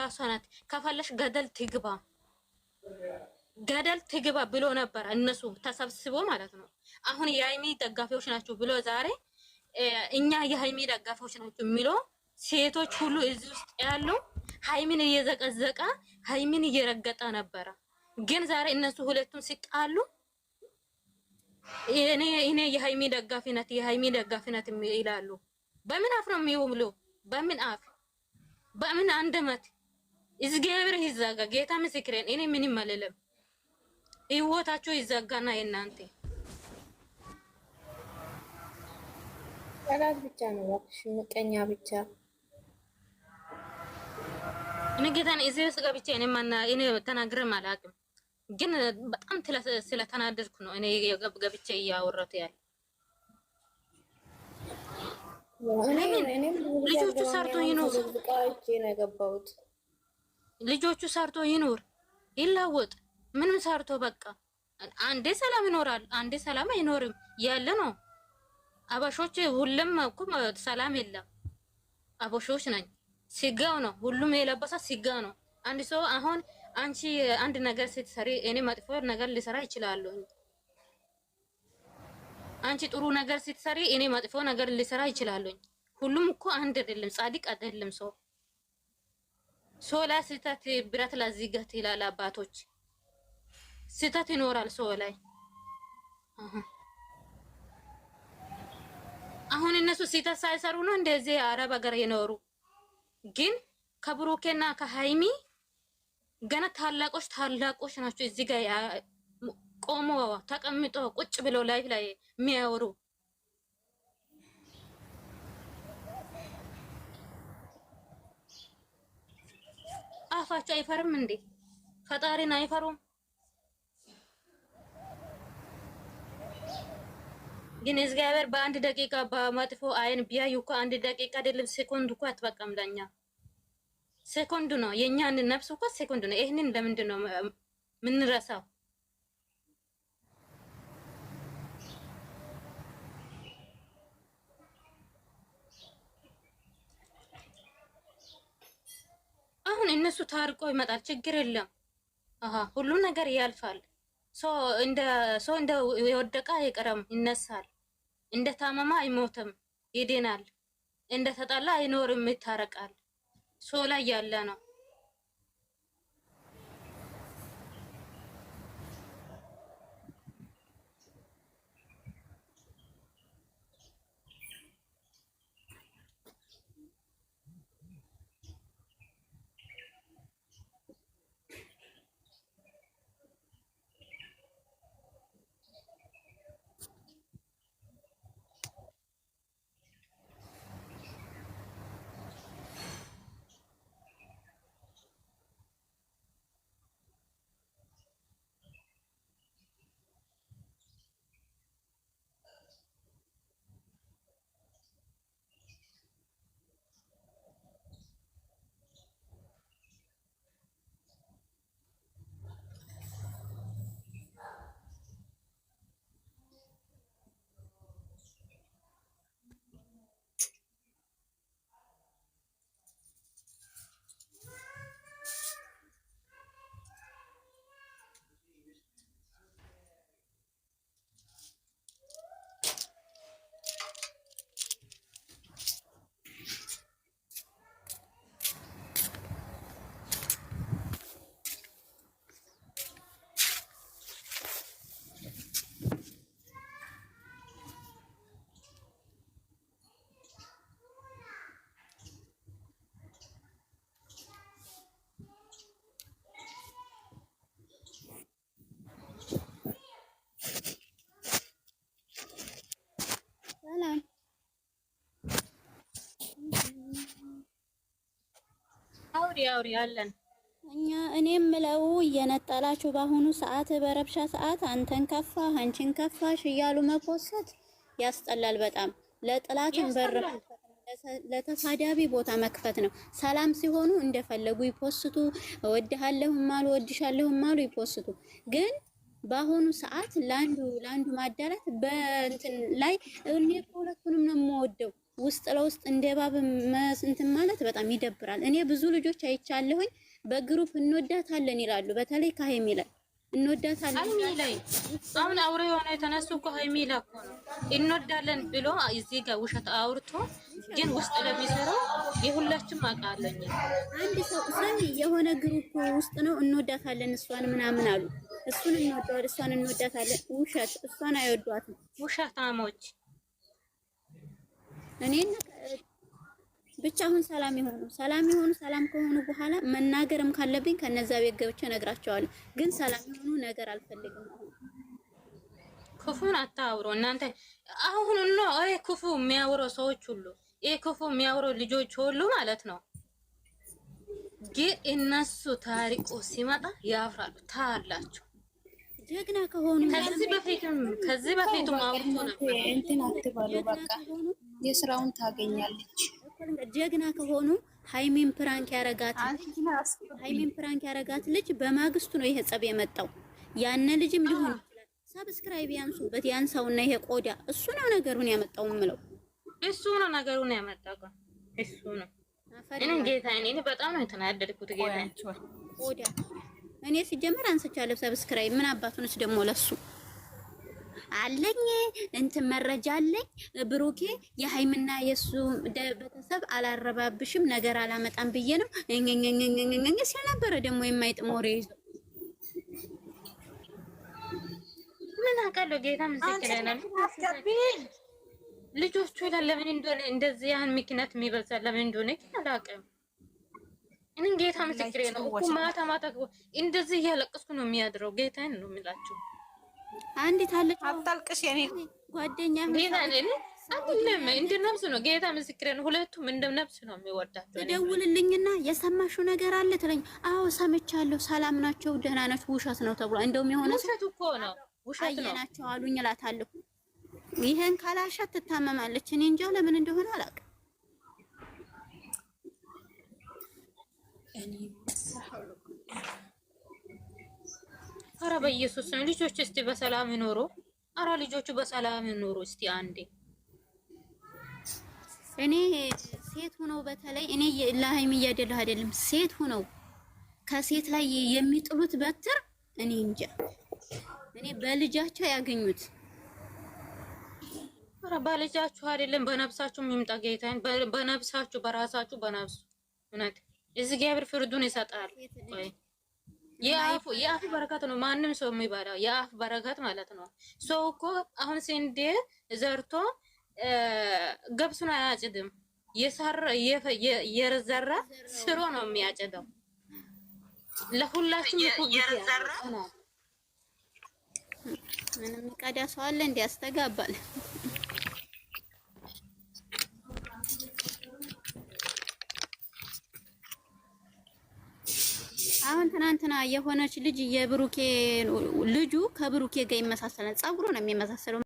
ራሷ ናት። ከፈለሽ ገደል ትግባ ገደል ትግባ ብሎ ነበር እነሱ ተሰብስቦ ማለት ነው። አሁን የሃይሚ ደጋፊዎች ናቸው ብሎ ዛሬ እኛ የሃይሚ ደጋፊዎች ናቸው የሚሎ ሴቶች ሁሉ እዚህ ውስጥ ያሉ ሃይሚን እየዘቀዘቀ ሃይሚን እየረገጠ ነበረ። ግን ዛሬ እነሱ ሁለቱም ሲጣሉ እኔ እኔ የሃይሚ ደጋፊነት የሃይሚ ደጋፊነት ይላሉ። በምን አፍ ነው የሚውሉ? በምን አፍ በምን አንደመት እግዚአብሔር ይዘጋ። ጌታ ምስክሬን፣ እኔ ምንም አልልም። ህይወታችሁ ይዘጋና የእናንተ ጠላት ብቻ ነው እባክሽ፣ ምቀኛ ብቻ እኔ ጌታን እዚህ ውስጥ ገብቼ እኔ ተናግሬም አላውቅም፣ ግን በጣም ስለተናደድኩ ነው እኔ የገብ ገብቼ እያወራሁት ያለ ልጆቹ ሰርቶ ይኖሩ ነው የገባሁት ልጆቹ ሰርቶ ይኑር ይለወጥ። ምንም ሰርቶ በቃ አንዴ ሰላም ይኖራል፣ አንዴ ሰላም አይኖርም ያለ ነው። አበሾች ሁሉም እኮ ሰላም የለም። አበሾች ነኝ ሲጋው ነው ሁሉም የለበሳ ሲጋ ነው። አንድ ሰው አሁን አንቺ አንድ ነገር ስትሰሪ እኔ መጥፎ ነገር ልሰራ ይችላል። አንቺ ጥሩ ነገር ስትሰሪ እኔ መጥፎ ነገር ልሰራ ይችላል። ሁሉም እኮ አንድ አይደለም፣ ጻድቅ አይደለም ሰው ሶላ ስህተት ብረት ላዚጋት ይላል አባቶች። ስህተት ይኖራል ሰው ላይ። አሁን እነሱ ስህተት ሳይሰሩ ነው እንደዚህ አረብ ሀገር የኖሩ። ግን ከብሩኬና ከሀይሚ ገና ታላቆች ታላቆች ናቸው። እዚህ ጋር ቆሞ ተቀምጦ ቁጭ ብሎ ላይፍ ላይ የሚያወሩ አፋቸው አይፈርም እንዴ? ፈጣሪን አይፈሩም? ግን እግዚአብሔር በአንድ ደቂቃ በመጥፎ አይን ቢያዩ እኮ አንድ ደቂቃ አይደለም ሴኮንድ እኮ አትበቃም። ለኛ ሴኮንድ ነው የኛን ነፍስ እኮ ሴኮንድ ነው። ይህንን ለምንድን ነው ምንረሳው? እነሱ ታርቆ ይመጣል። ችግር የለም። ሁሉም ነገር ያልፋል። ሰው እንደ የወደቀ አይቀርም፣ ይነሳል። እንደ ታመማ አይሞትም፣ ይድናል። እንደ ተጣላ አይኖርም፣ ይታረቃል። ሰው ላይ ያለ ነው። አውሪ አውሪ አለን እኛ እኔ ምለው እየነጠላችሁ በአሁኑ ሰዓት በረብሻ ሰዓት አንተን ከፋ አንቺን ከፋሽ እያሉ መፖሰት ያስጠላል። በጣም ለጥላትን በር ለተሳዳቢ ቦታ መክፈት ነው። ሰላም ሲሆኑ እንደፈለጉ ይፖስቱ። እወድሃለሁም አሉ እወድሻለሁም አሉ ይፖስቱ። ግን በአሁኑ ሰዓት ለአንዱ ለአንዱ ማዳላት በእንትን ላይ እኔ ሁለቱንም ነው የምወደው ውስጥ ለውስጥ እንደ እባብ እንትን ማለት በጣም ይደብራል። እኔ ብዙ ልጆች አይቻለሁኝ በግሩፕ እንወዳታለን ይላሉ። በተለይ ከሀይሚ ላይ እንወዳታለን። ሀይሚ ላይ አሁን አውሬ የሆነ የተነሱ እኮ ሀይሚ ላይ እኮ ነው እንወዳለን ብሎ እዚህ ጋር ውሸት አውርቶ ግን ውስጥ ለሚሰራው የሁላችንም አውቃለኝ። አንድ ሰው ሰው የሆነ ግሩፕ ውስጥ ነው እንወዳታለን እሷን ምናምን አሉ። እሱን እንወዳታለን እሷን እንወዳታለን። ውሸት እሷን አይወዷትም ውሸታሞች እኔን ብቻ አሁን ሰላም የሆኑ ሰላም የሆኑ ሰላም ከሆኑ በኋላ መናገርም ካለብኝ ከነዛ ቤት ገብቼ እነግራቸዋለሁ። ግን ሰላም የሆኑ ነገር አልፈልግም። አሁን ክፉን አታውሩ እናንተ። አሁን ነው አይ ክፉ የሚያወራው ሰዎች ሁሉ ይሄ ክፉ የሚያወራው ልጆች ሁሉ ማለት ነው። ግን እነሱ ታሪቁ ሲመጣ ያፍራሉ። ታላችሁ ጀግና ከሆኑ ከዚህ በፊትም ከዚህ በፊትም አውርቶ ነበር እንትን አትባሉ በቃ የስራውን ታገኛለች። ጀግና ከሆኑ ሃይሚን ፕራንክ ያረጋት ሃይሚን ፕራንክ ያረጋት ልጅ በማግስቱ ነው ይሄ ጸብ የመጣው። ያነ ልጅም ሊሆን ይችላል። ሰብስክራይብ ያንሱበት ያንሳውና ይሄ ቆዳ እሱ ነው ነገሩን ያመጣው የምለው እሱ ነው ነገሩን ያመጣው እሱ ነው። እኔ ጌታ እኔ በጣም ነው የተናደድኩት ጌታ ቆዳ እኔ ሲጀመር አንስቻለሁ ሰብስክራይብ ምን አባቱንስ ደግሞ ለሱ አለኝ እንትን መረጃ አለኝ። ብሩኬ የሀይምና የእሱ ቤተሰብ አላረባብሽም ነገር አላመጣም ብዬ ነው እኝኝኝኝኝኝ ሲል ነበረ። ደግሞ የማይጥም ይዞ ምን አውቃለሁ ጌታ ምስክለናል ልጆቹ ይላል ለምን እንደሆነ እንደዚህ ያህል ምክንያት የሚበዛ ለምን እንደሆነ ግን አላውቅም። እኔ ጌታ ምስክሬ ነው ማታ ማታ እንደዚህ እያለቀስኩ ነው የሚያድረው። ጌታን ነው የሚላቸው አንዲት አለች አታልቅሽ፣ የኔ ጓደኛ አይደለም እንደ ነብስ ነው። ጌታ ምስክሬ ሁለቱም እንደ ነብስ ነው የሚወዳቸው። ትደውልልኝና የሰማሽው ነገር አለ ትለኝ። አዎ ሰምቻለሁ፣ ሰላም ናቸው፣ ደህና ናቸው፣ ውሸት ነው ተብሏል። እንደውም የሆነ ውሸት እኮ ነው፣ ውሸት ነው ናቸው አሉኝ እላታለሁ። ይሄን ካላሻት ትታመማለች። እኔ እንጃ ለምን እንደሆነ አላውቅም። እኔ አረ በኢየሱስ ነው። ልጆች እስቲ በሰላም ይኖሩ። አረ ልጆቹ በሰላም ይኖሩ እስቲ አንዴ። እኔ ሴት ሁነው በተለይ እኔ ለሀይሚ እያደለሁ አይደለም፣ ሴት ሁነው ከሴት ላይ የሚጥሉት በትር እኔ እንጃ። እኔ በልጃቸው ያገኙት አረ በልጃችሁ አይደለም በነፍሳችሁ የሚምጣ ጌታን በነፍሳችሁ በራሳችሁ በነፍሱ እውነት እዚህ እግዚአብሔር ፍርዱን ይሰጣል። ወይ የአፉ የአፍ በረከት ነው። ማንም ሰው የሚባለው የአፍ በረከት ማለት ነው። ሰው እኮ አሁን ስንዴ ዘርቶ ገብሱን አያጭድም። የዘራ ስሮ ነው የሚያጭደው። ለሁላችን ምንም ቀዳ ሰው አለ እንዲያስተጋባል ትናንትና የሆነች ልጅ የብሩኬ ልጁ ከብሩኬ ጋር ይመሳሰላል። ጸጉሩ ነው የሚመሳሰለው።